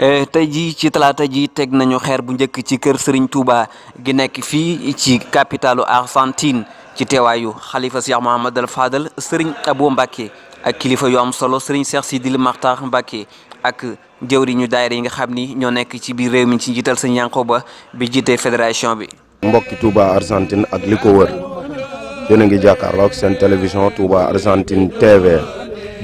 Eh, tey jii ci talaata ji teg nañu xeer bu njëkk ci kër Serigne Touba gi nekk fii ci capitalu Argentine ci teewaayu xalifa Cheikh Mouhamadou Al Fadal Serigne Abou Mbacké ak kilifa yu am solo Serigne Cheikh Sidil Makhtar Mbacké ak jëwriñu daayira yi nga xam ni ñoo nekk ci biir réew mi ci jiital Serigne ba bi jiitee fédération bi. mbokki Touba Argentine ak li ko wër yéen a ngi jàkkaarloog seen télévision Touba Argentine TV.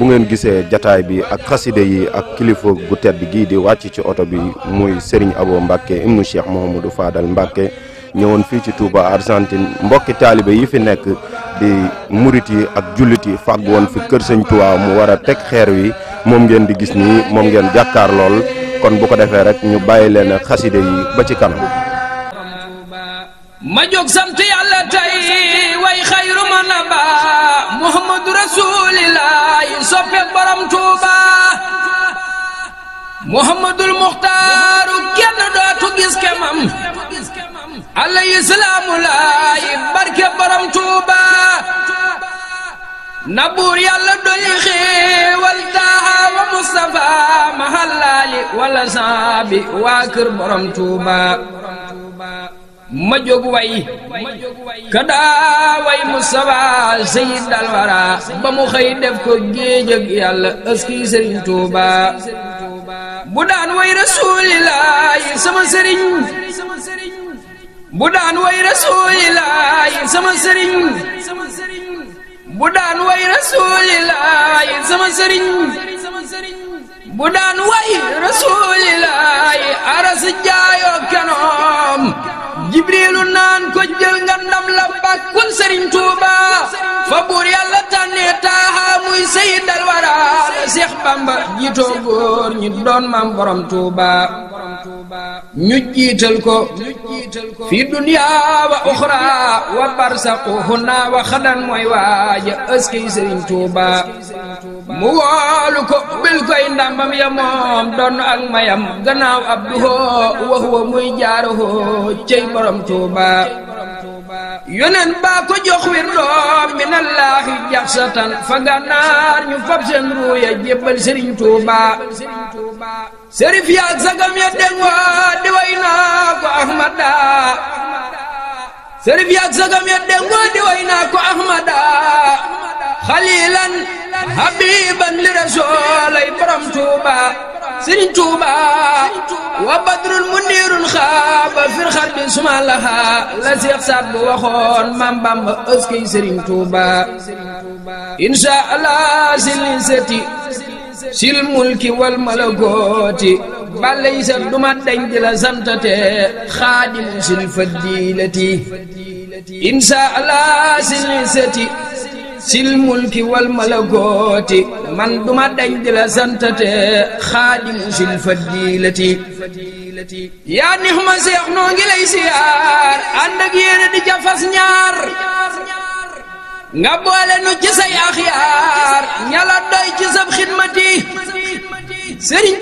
bu ngeen gisee jataay bi ak xaside yi ak kilifa gu tedd gii di wàcc ci oto bi muy Serigne Abo Mbacke ibnu Cheikh Mouhamadou Fadal Mbacke ñëwoon fii ci Touba Argentine mbokki taalibe yi fi nekk di murit yi ak jullit yi fàgg woon fi kër Sëñ Tuubaa mu war a teg xeer wi moom ngeen di gis nii moom ngeen jàkkaar lool kon bu ko defee rek ñu bàyyi leen xaside yi ba ci kanam ma jóg sant yàlla tey way xayru naba muhammadu rasulillahi soppe borom tuuba muhammadul muxtaaru kenn dootu gis kemam alayhi barke borom tuuba na buur yàlla doli xéewal taaha wa mustafa mahalaali wala saabi waa borom tuuba ma jóg way ka daa way Mustafa sayid alwara ba mu xëy def ko géej ak yàlla aski sëriñ Tuuba bu daan way rasuulillaahi sama sëriñ bu daan way rasuulillaahi sama sëriñ bu daan way rasuulillaahi kun sëriñ Tuuba fa buur yàlla tànnee taaha muy sayid al waraa la Seex Bamba jiitoo góor ñi doon maam borom Tuuba ñu jiital ko fi duniyaa wa uxraa wa barsaqu hunaa wa xadan mooy waaja ëskey sëriñ Tuuba mu woolu ko bil koy ndàmbam ya moom doon ak mayam gannaaw abduhoo wa huwa muy jaarahoo cey borom Tuuba yonen baa ko jox doom minallaahi jaxsatan fa gànnaar ñu fab seen ruuya jébbal sëriñ Tuuba sërif yaag sagam ya den di way naa ko ahmada sërif yaag sagam ya den di way naa ko ahmada xalilan habiban li rasoolay borom Tuuba sëriñ Tuuba wa badrul muniirul xaaba fir xar bi suma la seex saat bu waxoon maam Bamba ëskey sëriñ Tuuba insha allah sil seti sil mulki wal malakooti balay duma dañ di la santate xaadimu sil fadilati insha allah sil sil mulki wal malakooti man duma dañ di la santate xaadimu sil fadilati yaa nix ma seex noo ngi lay siyaar ànd ak yéene di jafas ñaar nga boole nu ci say ñala doy ci sab xidmati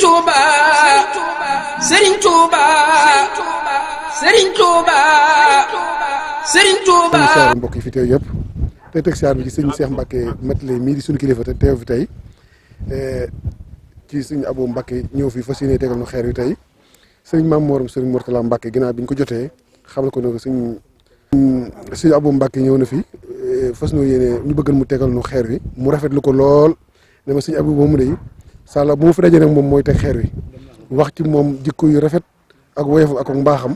tuuba sëriñ tuuba sëriñ tuuba sëriñ tuuba mbokk yi tey teg siyaar bi ci sëñ Cheikh Mbacke Matiley mii di suñu kilifa te teew fi tey eh, ci sëñ Abou Mbacke ñëw fi fas yéene tegal nu xeer wi tey sëñ Maam sëñ Mourtala Mbacke ginnaaw bi ñu ko jotee xamal ko ne sëñ sëñ Abou Mbacke ñëw na fi eh, fas noo yéene ñu bëggal mu tegal nu xeer wi mu rafetlu ko lool ne sëñ Abou moomu day sàlla bu ma fi dajee nag moom mooy teg xeer wi wax ci moom jikko yu rafet ak woyofam ak mbaaxam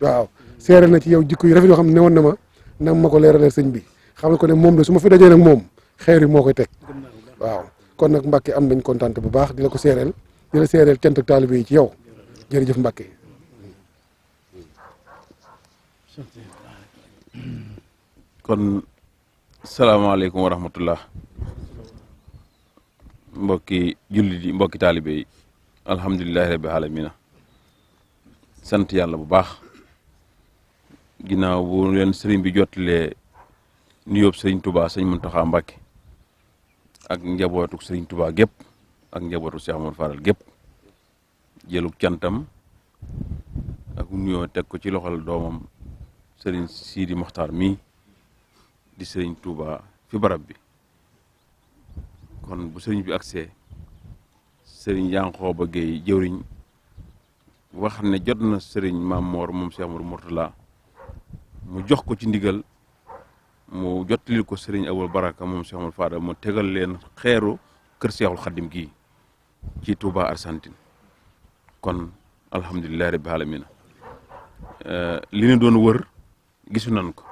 waaw seere na ci yow jikko yu rafet yoo xam ne newoon na ma na ma ko leeralal sëñ bi xam xamal ko ne moom la su ma fi dajee nag moom xeer yi moo koy teg waaw kon nag Mbacke am nañ kontaan bu baax di la ko séeréel di la séeréel cant ak taalibe yi ci yow jërëjëf Mbacke kon salaamaaleykum wa rahmatullah mbokki jullit yi mbokki taalibe yi alhamdulilahi rabbi alamina sant yàlla bu baax ginnaaw bu leen sëriñ bi jotalee nuyoob sëriñ tubaa sëñ Muntaxa Mbàkke ak njabootu sëriñ tubaa gépp ak njabootu Cheikh Amadou Faral gépp jëlug cantam ak nuyoo teg ko ci loxol doomam sëriñ Sidi Moxtaar mii di sëriñ Touba fi barab bi kon bu sëriñ bi agsee sëriñ Yankoba Gueye jëwriñ wax ne jot na sëriñ Maam Moor moom Cheikh Amadou Mourtala mu jox ko ci ndigal mu jottali ko Serigne Abul Baraka moom Cheikh Amadou Fadal mu tegal leen xeeru kër Seexul xaddim gi ci Touba Argentine kon alhamdulilah rabbil alamin eh, li ñu doon wër gisu nan ko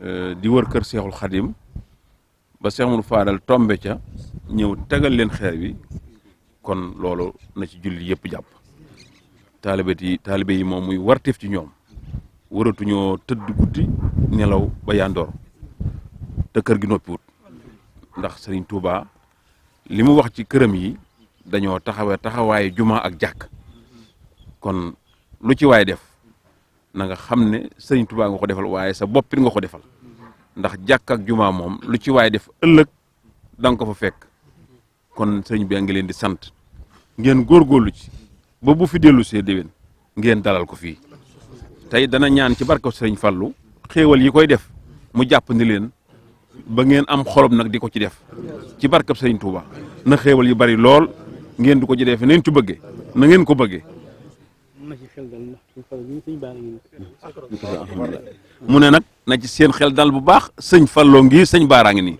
eh, di wër kër Seexul Xadim ba Cheikh Amadou tombe ca ñëw tegal leen xeer bi kon loolu na ci julli yëpp jàpp taalibe yi taalibe yi moom muy wartif ci ñoom waratuñoo tëdd guddi nelaw ba yandoor te kër gi noppiwut ndax sëriñ Touba li mu wax ci këram yi dañoo taxawee taxawaayu juma ak jàkk kon lu ci waay def nanga xam ne sëriñ Touba nga ko defal waaye sa boppit nga ko defal ndax jàkk ak juma moom lu ci waay def ëllëg da nga ko fa fekk kon sëriñ bi a ngi leen di sant ngeen góor góorgóorlu ci ba bu fi dellu see déwén ngeen dalal ko fii tey dana ñaan ci barke sëriñ Fallou xéewal yi koy def mu jàpp ni leen ba ngeen am xolom nag di ko ci def ci barkab sëñ Touba na xéewal yu bari lool ngeen di ko ci defee neen ci bëgge na ngeen ko bëggee. mu ne nag na ci seen xel dal bu baax sëñ Fallou ngi sëñ Baara ngi nii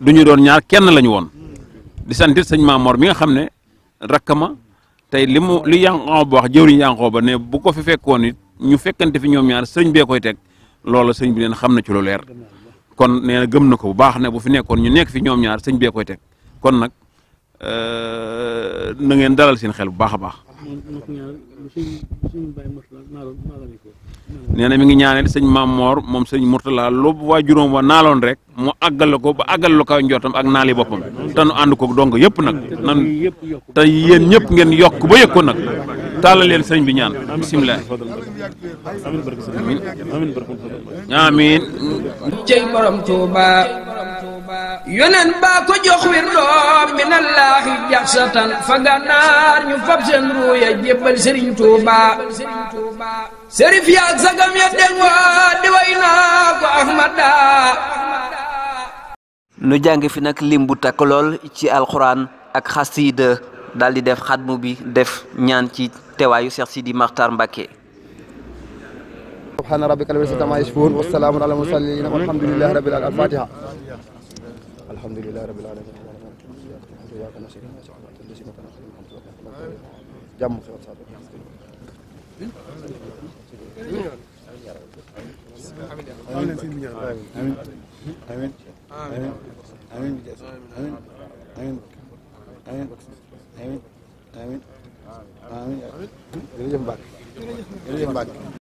du ñu doon ñaar kenn lañu woon di santit sëñ Mamor mi nga xam ne ma tey li mu li Yankhoba wax jëwriñ ba ne bu ko fi fekkoon it ñu fekkante fi ñoom ñaar sëñ bee koy teg loola sëñ bi neen xam na ci lu kon nee na gëm na ko bu baax na bu fi nekkoon ñu nekk fi ñoom ñaar sëñ bee koy teg kon nag euh, ngeen dalal seen xel bu baax a baax. na mi ngi ñaanal sëñ Maam Moor moom sëñ Mourtala lu waa juróom naaloon rek mu àggale ko ba àggal lu kaw njottam ak naali boppam te ànd ko dong yëpp nag nan te yéen ñëpp ngeen yokk ba yëg ko nag. tàllal sëriñ bi ñaan bisimilah amiin baa ko jox wir doom minallaahi jaxsatan fa gànnaar ñu fab seen ruuya jébbal sëriñ tuuba sërif yaag sagam ya dengwa di ko ahmada nu jàng fi nag lim bu takk lool ci alxuraan ak xasiida daal di def xatmu bi def ñaan ci teewaayu Cheikh Sidi Makhtar Mbacké subhaana rabbika rabbil izzati ammaa yasifuun wa salaamun alal mursaliin walhamdulillaahi rabbil aalamiin al-faatiha alhamdulillaahi rabbil aalamiin jàmm amiin amiin amiin amiin jërëjëf Mbacke jërëjëf Mbacke